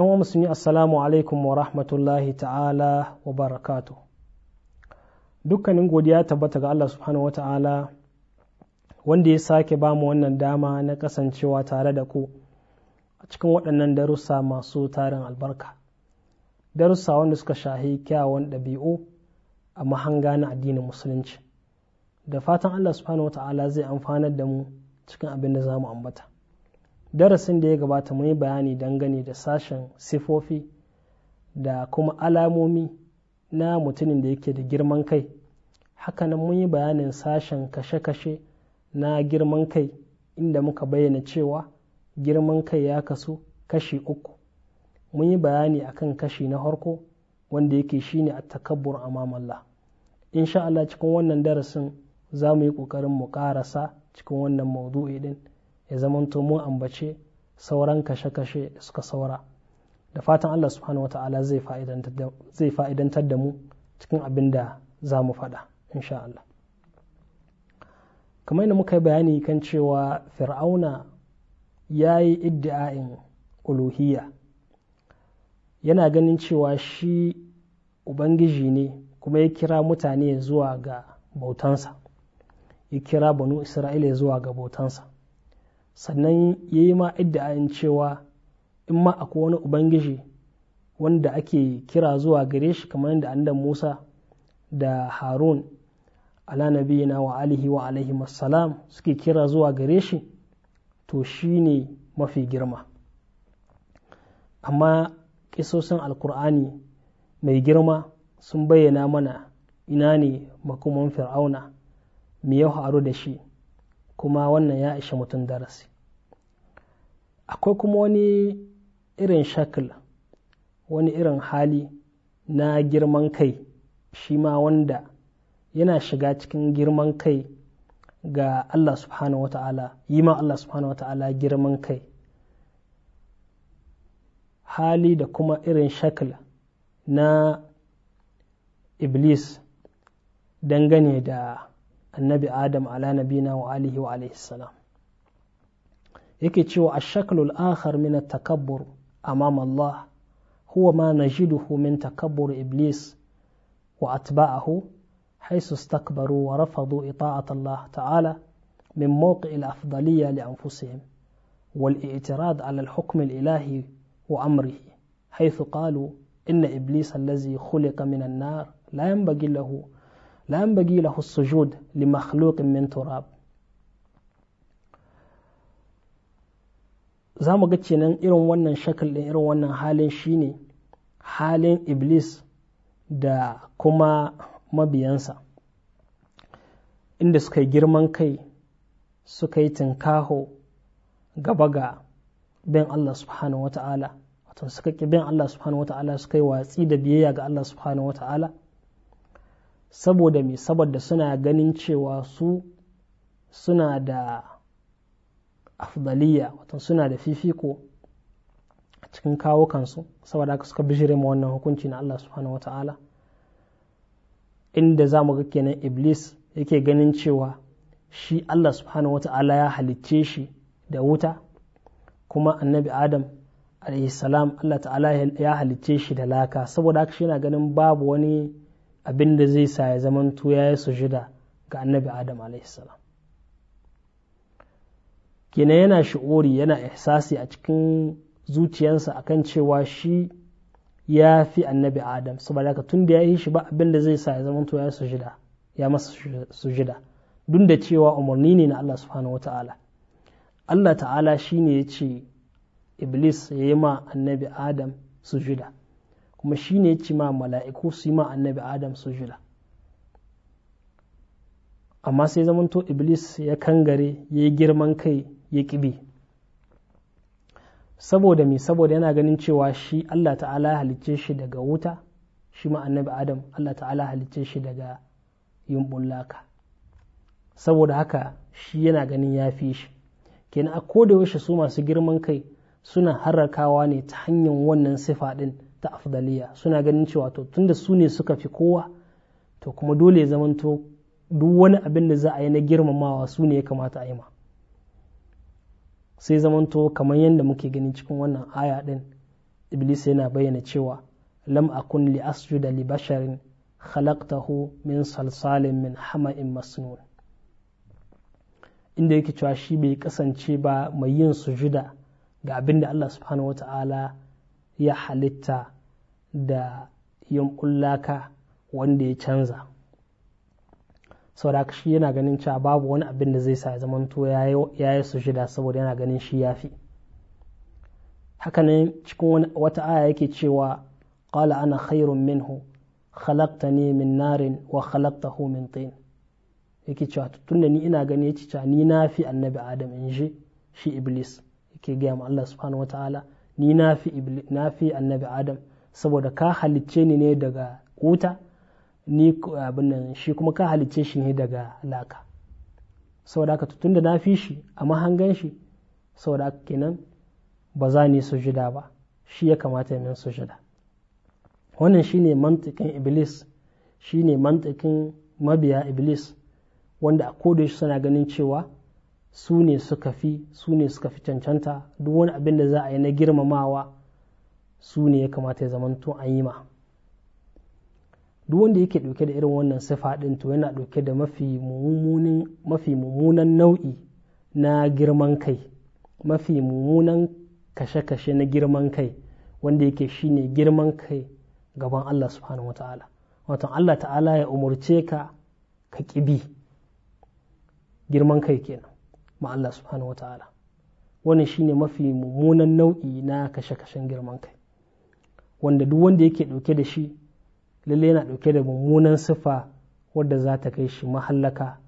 yan wa musulmi assalamu alaikum wa rahmatullahi ta'ala wa barakatu dukkanin godiya tabbata ga Allah subhanahu wa ta'ala wanda ya sake ba mu wannan dama na kasancewa tare da ku a cikin waɗannan darussa masu tarin albarka darussa wanda suka shahi kyawun ɗabi'u a mahanga na addinin musulunci da fatan Allah subhanahu wa ta'ala zai amfanar da mu cikin abin da za mu ambata darasin da ya gabata mu yi bayani dangane da sashen sifofi da kuma alamomi na mutumin da yake da girman kai hakanan mun yi bayanin sashen kashe-kashe na girman kai inda muka bayyana cewa girman kai ya kasu kashi uku mun yi bayani akan kashi na harko wanda yake shine a takabbur amamalla insha Allah cikin wannan darasin za mu yi ƙoƙarin mu ƙarasa cikin wannan maudu'i din ya zamanto mun ambace sauran kashe-kashe suka saura da fatan Allah subhanahu wata'ala zai fa'idantar da mu cikin abin da za mu faɗa insha Allah kamar yadda muka yi bayani kan cewa fir'auna ya yi iddi'a'in uluhiyya yana ganin cewa shi ubangiji ne kuma ya kira mutane zuwa ga bautansa ya kira banu isra'ila zuwa ga bautansa sannan ya yi ma idda'ayin cewa in ma akwai wani ubangiji wanda ake kira zuwa gare shi kamar yadda da Musa da Harun ala nabiyina wa alihi wa alaihi salam suke kira zuwa gare shi to shi ne mafi girma amma kisosin alkur'ani mai girma sun bayyana mana ina ne makoman fir'auna me ya haru da shi kuma wannan ya ishe mutum darasi akwai kuma wani irin shakil wani irin hali na girman kai shi ma wanda yana shiga cikin girman kai ga Allah subhanahu wata'ala yi ma Allah subhanahu wata'ala girman kai hali da kuma irin shakil na iblis dangane da annabi adam ala nabina wa alihi wa alihi salam yake cewa ashaklul akhar min takabbur amam Allah huwa ma najiduhu min takabbur iblis wa حيث استكبروا ورفضوا إطاعة الله تعالى من موقع الأفضلية لأنفسهم والاعتراض على الحكم الإلهي وأمره حيث قالوا إن إبليس الذي خلق من النار لا ينبغي له لا ينبغي له السجود لمخلوق من تراب za mu ga kenan irin wannan shakal ɗin irin wannan halin shi ne halin iblis da kuma mabiyansa inda suka yi girman kai suka yi tinkaho gaba ga bin Allah subhanahu wata'ala wato suka ƙi bin Allah subhanahu wata'ala suka yi watsi da biyayya ga Allah subhanahu wata'ala saboda mai saboda suna ganin cewa su suna da afdaliya watan suna da fifiko a cikin kawukansu saboda haka suka bishire ma wannan hukunci na Allah subhanahu wata'ala inda za mu ga kenan iblis yake ganin cewa shi Allah subhanahu wata'ala ya halicce shi da wuta kuma annabi adam salam Allah ta'ala ya halicce shi da laka saboda haka shi yana ganin babu wani abin da zai sa ya zamanto ya yi sujida ga annabi adam salam gina yana shi'uri yana ihsasi a cikin zuciyansa akan cewa shi ya fi annabi adam saboda ka tun da ya yi shi ba abinda zai sa ya zama ya sujida ya masa sujida duk da cewa umarni ne na Allah subhanahu wata'ala Allah ta'ala shine ya ce iblis ya yi ma annabi adam sujida kuma shine ya ce ma mala'iku su yi ma annabi adam sujida amma sai zamanto iblis ya kangare ya yi girman kai ya ƙibi saboda me saboda yana ganin cewa shi Allah ta'ala ya halicce shi daga wuta shi annabi adam Allah ta'ala halicce shi daga yin laka saboda haka shi yana ganin ya fi shi kenan a koda yaushe su masu girman kai suna harakawa ne ta hanyar wannan sifa din ta afdaliya suna ganin cewa to tunda su ne suka fi kowa to kuma dole ya zamanto duk wani abin da za a yi na girmamawa su ne ya kamata a yi ma sai zamanto kamar yadda muke gani cikin wannan aya din iblis yana bayyana cewa lam akun li asjuda li basharin khalaqtahu min salsalin min hama'in masnun inda yake cewa shi bai kasance ba mai yin sujuda ga abin da Allah subhanahu wata'ala ya halitta da yankullaka wanda ya canza saboda shi yana ganin cewa babu wani abin da zai sa zamanto ya yi su shida saboda yana ganin shi ya fi hakanan cikin wata aya yake cewa qala ana khairun minhu khalaqtani min narin wa khalaqtahu min tin yake cewa tunda ni ina gani yace cewa ni na fi annabi adam in ji shi iblis yake gaya ma Allah subhanahu wataala ni na fi annabi adam saboda ka halicce ni ne daga wuta ni abin nan shi kuma ka halicce shi ne daga laka saboda haka tun da na fi shi a mahangan shi saboda haka kenan ba za ni sujada ba shi ya kamata min sujada wannan shi ne mantikin iblis Shi ne mantikin mabiya iblis wanda a koda shi suna ganin cewa su ne suka fi su ne suka fi cancanta duk wani abin da za a yi na girmamawa su ne ya kamata ya zamanto an yi ma duk wanda yake dauke da irin wannan sifa ɗin to yana ɗauke da mafi mummunan nau'i na girman kai mafi mummunan kashe-kashe na girman kai wanda yake shine girman kai gaban Allah subhanahu wa wato Allah ta'ala ya umurce ka ka kibi girman kai kenan ma Allah subhanahu wa wannan shine mafi mummunan nau'i na kashe-kashen girman kai wanda duk wanda yake ɗauke da shi lalle yana ɗauke da mummunan sifa wadda za ta kai shi mahallaka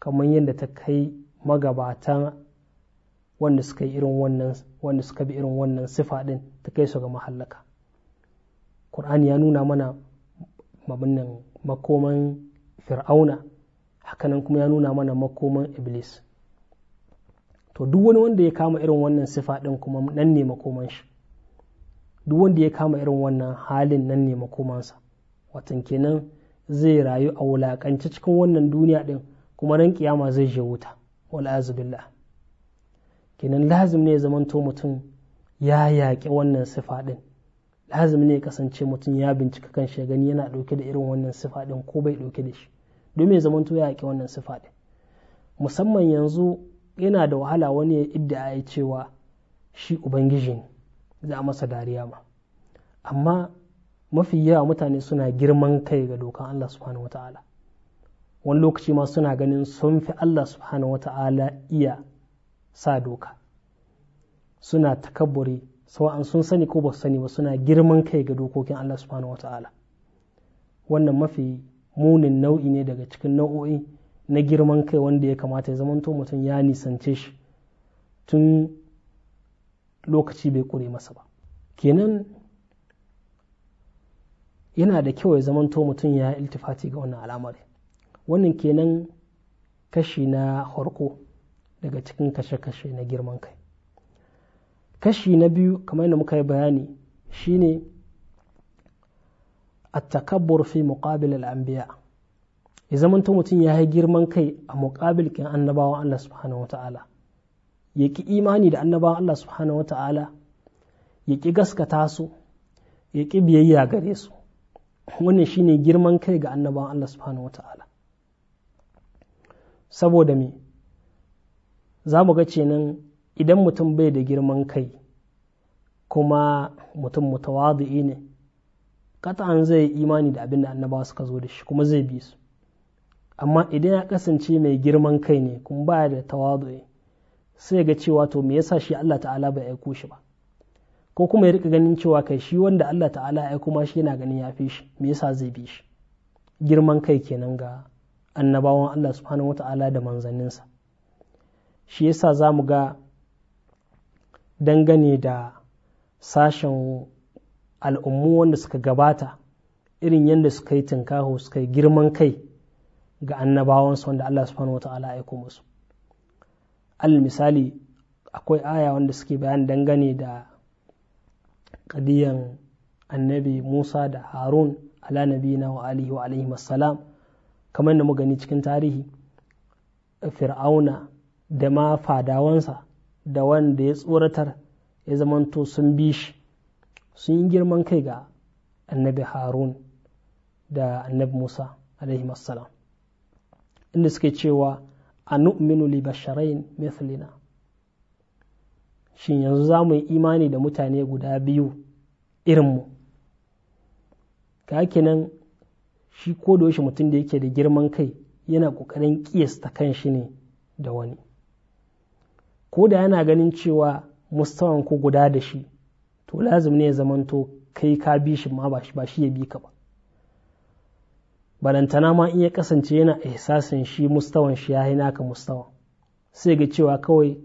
kamar yadda ta kai magabatan wanda suka irin wannan wanda suka bi irin wannan sifa din ta kai su ga mahallaka Qur'ani ya nuna mana mabinnan makoman fir'auna hakanan kuma ya nuna mana makoman iblis to duk wani wanda ya kama irin wannan sifa din kuma nan ne makoman shi duk wanda ya kama irin wannan halin nan ne makomansa watan kenan zai rayu a wulakance cikin wannan duniya ɗin kuma ran kiyama zai je wuta wal'azu kenan lazim ne zamanto mutum ya yaƙi wannan sifa ɗin lazim ne kasance mutum ya bincika kan shi gani yana ɗauke da irin wannan sifa ɗin ko bai ɗauke da shi domin zamanto ya yaƙi wannan sifa ɗin musamman yanzu yana da wahala wani ya idda a cewa shi ubangiji ne za a masa dariya ma amma mafi yawa mutane suna girman kai ga dokan Allah subhanahu wata'ala wani lokaci ma suna ganin sun fi Allah subhanahu wata'ala iya sa doka suna takabburi sawa'an sun sani ko ba su sani ba suna girman kai ga dokokin Allah subhanahu wata'ala wannan mafi munin nau'i ne daga cikin nau'o'i na girman kai wanda ya kamata ya zamanto mutum ya nisance shi tun lokaci bai kure masa ba kenan yana da kyau ya zamanto mutum ya iltifati ga wannan al'amari wannan kenan kashi na harko daga cikin kashe-kashe na girman kai kashi na biyu kamar yadda muka yi bayani shine a takabbur fi muqabil al'ambiya anbiya ya zamanto mutum ya yi girman kai a muqabilkin kin annabawan Allah subhanahu ta'ala ya ki imani da annabawan Allah subhanahu ta'ala ya ki gaskata su ya ki biyayya gare su wannan shine girman kai ga annaban Allah subhanahu wata'ala saboda me za mu ga kenan idan mutum bai da girman kai kuma mutum mutawadi ne kata'an zai imani da abin da annaba suka zo da shi kuma zai bi su amma idan ya kasance mai girman kai ne kuma baya da tawadu sai ga cewa to me yasa shi Allah ta'ala bai aiko shi ba ko kuma ya rika ganin cewa kai shi wanda Allah ta'ala ya kuma shi yana ganin ya fi shi me yasa zai bi shi girman kai kenan ga annabawan Allah subhanahu wata'ala da manzanninsa shi yasa za mu ga dangane da sashen al'ummu wanda suka gabata irin yadda suka yi tinkaho suka yi girman kai ga annabawansu wanda Allah subhanahu wata'ala ya aiko musu al misali akwai aya wanda suke bayan dangane da kadiyan annabi Musa da Harun ala nabina wa alihi wa alihi masalam kamar da mu gani cikin tarihi fir'auna da ma fadawansa da wanda ya tsoratar ya zamanto sun bi shi sun yi girman kai ga annabi harun da annabi musa alaihi wassalam inda suke cewa a nu'minu li basharain mithlina shin yanzu za mu yi imani da mutane guda biyu irinmu ga kenan shi ko da yaushe mutum da yake da girman kai yana ƙoƙarin ƙiyasta kan shi ne da wani ko da yana ganin cewa mustawan ku guda da shi to lazim ne ya zamanto kai ka bi shi ma ba shi ya bi ka ba balantana ma in ya kasance yana ihsasin shi mustawan shi ya yi naka mustawa sai ga cewa kawai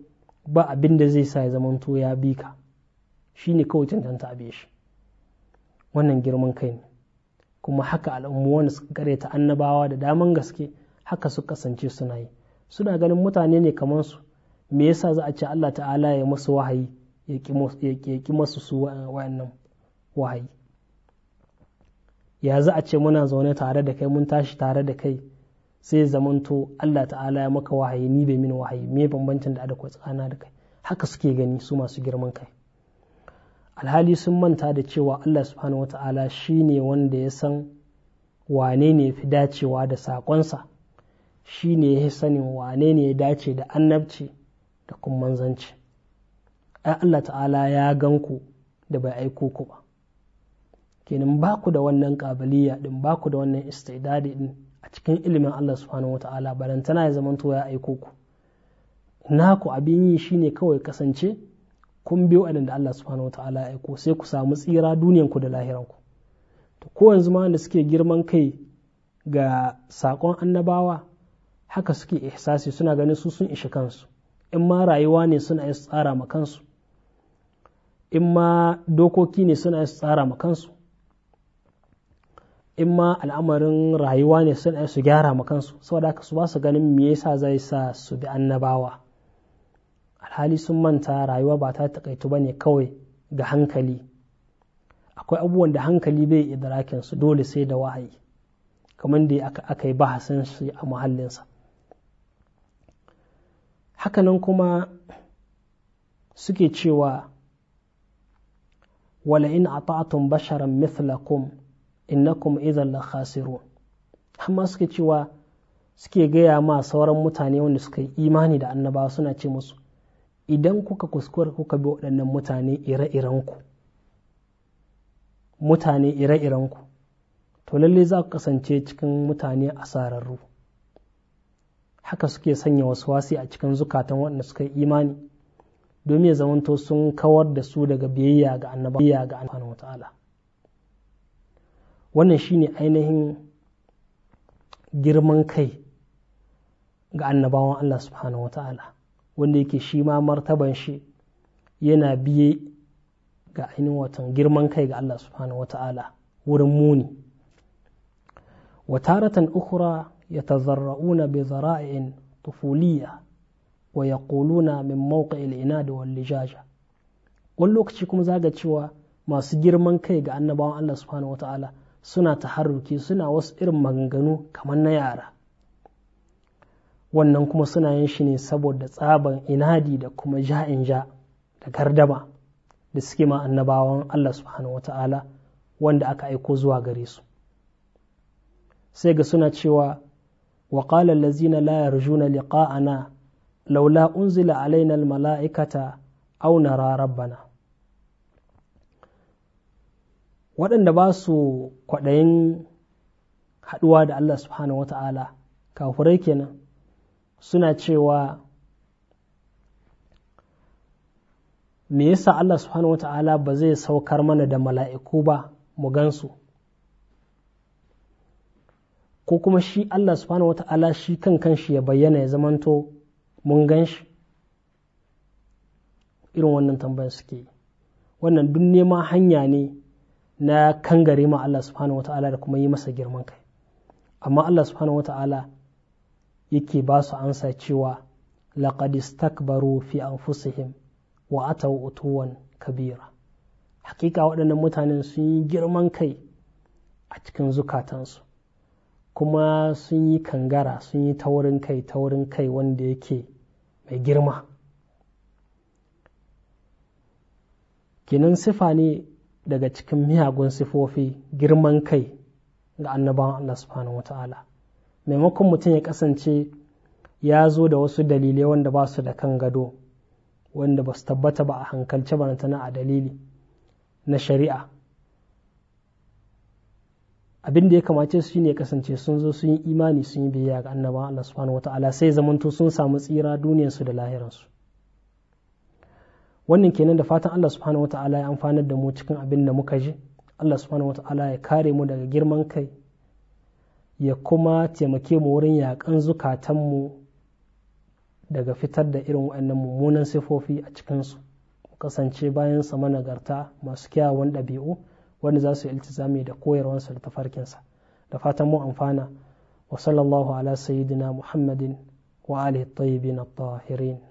ba abin da zai sa ya zamanto ya bi ka shi ne kawai cancanta a shi wannan girman kai ne kuma haka al'ummu wanda suka ta annabawa da daman gaske haka su kasance suna yi suna ganin mutane ne kamar su me yasa za a ce Allah ta'ala ya musu wahayi ya ki masu su wannan wahayi ya za a ce muna zaune tare da kai mun tashi tare da kai sai zamanto Allah ta'ala ya maka wahayi ni bai min wahayi me bambancin da adakwai tsana da kai haka suke gani su masu girman kai alhali sun manta da cewa Allah subhanahu wata'ala shi ne wanda ya san wane ne fi dacewa da saƙonsa shi ne ya sanin wane ne ya dace da annabci da kuma manzanci ai Allah ta'ala ya gan ku da bai aiko ku ba kenan ba ku da wannan ƙabiliya din ba ku da wannan istidadi din a cikin ilimin Allah subhanahu wata'ala balantana ya zamanto ya aiko ku naku abin yi shine kawai kasance kun biyo da Allah subhanahu ta'ala ya aiko sai ku samu tsira duniyan ku da lahiranku to ko yanzu ma wanda suke girman kai ga sakon annabawa haka suke ihsasi suna ganin su sun ishi kansu in ma rayuwa ne suna yi tsara ma kansu in ma dokoki ne suna yi tsara ma kansu in ma al'amarin rayuwa ne suna yi su gyara ma kansu saboda haka su ba su ganin me yasa zai sa su bi annabawa alhali sun manta rayuwa ba ta takaitu ba ne kawai ga hankali akwai abubuwan da hankali bai idrakin su dole sai da wahayi kamar da aka yi bahasin shi a muhallinsa hakanan kuma suke cewa wala in ta'atun basharan mithlakum inna kuma la khasirun amma suke cewa suke gaya ma sauran mutane wanda suka yi imani da annabawa suna ce musu idan kuka kuskura kuka bi waɗannan mutane ire-irenku mutane ire-irenku to lalle za ku kasance cikin mutane asararru haka suke sanya wasu wasi a cikin zukatan waɗanda suka yi imani domin ya zamanto sun kawar da su daga biyayya ga Biyayya ga annabawa ta'ala wannan shine ainihin girman kai ga annabawan Allah subhanahu wa ta'ala wanda yake shi ma martaban shi yana biye ga ainihin watan girman kai ga Allah subhanahu wata'ala wurin muni wa taratan ya yatazarra'una bi zara'in tufuliya wa yaquluna min mawqi'il inad wal lijaja wani lokaci kuma zaga cewa masu girman kai ga annabawan Allah subhanahu wata'ala suna taharruki suna wasu irin maganganu kamar na yara wannan kuma suna yin shi ne saboda tsaban inadi da kuma ja'in ja da gardama da suke ma annabawan Allah subhanahu wata'ala wanda aka aiko zuwa gare su sai ga suna cewa wa qala allazina la yarjuna liqa'ana laula unzila alaina almala'ikata aw nara rabbana waɗanda ba su kwaɗayin haɗuwa da Allah subhanahu wata'ala kafurai kenan suna cewa me yasa Allah subhanahu wata'ala ba zai saukar mana da mala'iku ba mu gansu ko kuma shi Allah subhanahu wata'ala shi kan kanshi ya bayyana ya zamanto mun gan shi irin wannan tambayar suke wannan duk neman hanya ne na kangare ma Allah subhanahu wata'ala da kuma yi masa girman kai amma Allah subhanahu wata'ala yake ba su ansa cewa laqad an fi anfusihim wa ataw utuwan kabira hakika waɗannan mutanen sun yi girman kai a cikin zukatansu kuma sun yi kangara sun yi taurin kai taurin kai wanda yake mai girma kinan sifa ne daga cikin miyagun sifofi girman kai ga annabawan Allah subhanahu wa ta'ala maimakon mutum ya kasance ya zo da wasu dalilai wanda ba su da kan gado wanda ba su tabbata ba a hankalce barantana a dalili na shari'a abin da ya kamace su ne kasance sun zo sun yi imani sun yi biyayya ga annaba Allah subhanahu wata'ala sai zamanto sun samu tsira duniyarsu da lahiransu wannan kenan da fatan Allah subhanahu wata'ala ya amfanar da mu cikin abin da muka ji Allah subhanahu wata'ala ya kare mu daga girman kai ya kuma taimake mu wurin yaƙan zukatanmu daga fitar da irin waɗannan mummunan sifofi a cikinsu kasance bayan sama nagarta masu kyawun ɗabi'u wanda za su yi iltizami da koyarwansa da tafarkinsa da fatan mu amfana wa sallallahu ala sayyidina muhammadin wa alihi tayyibin at-tahirin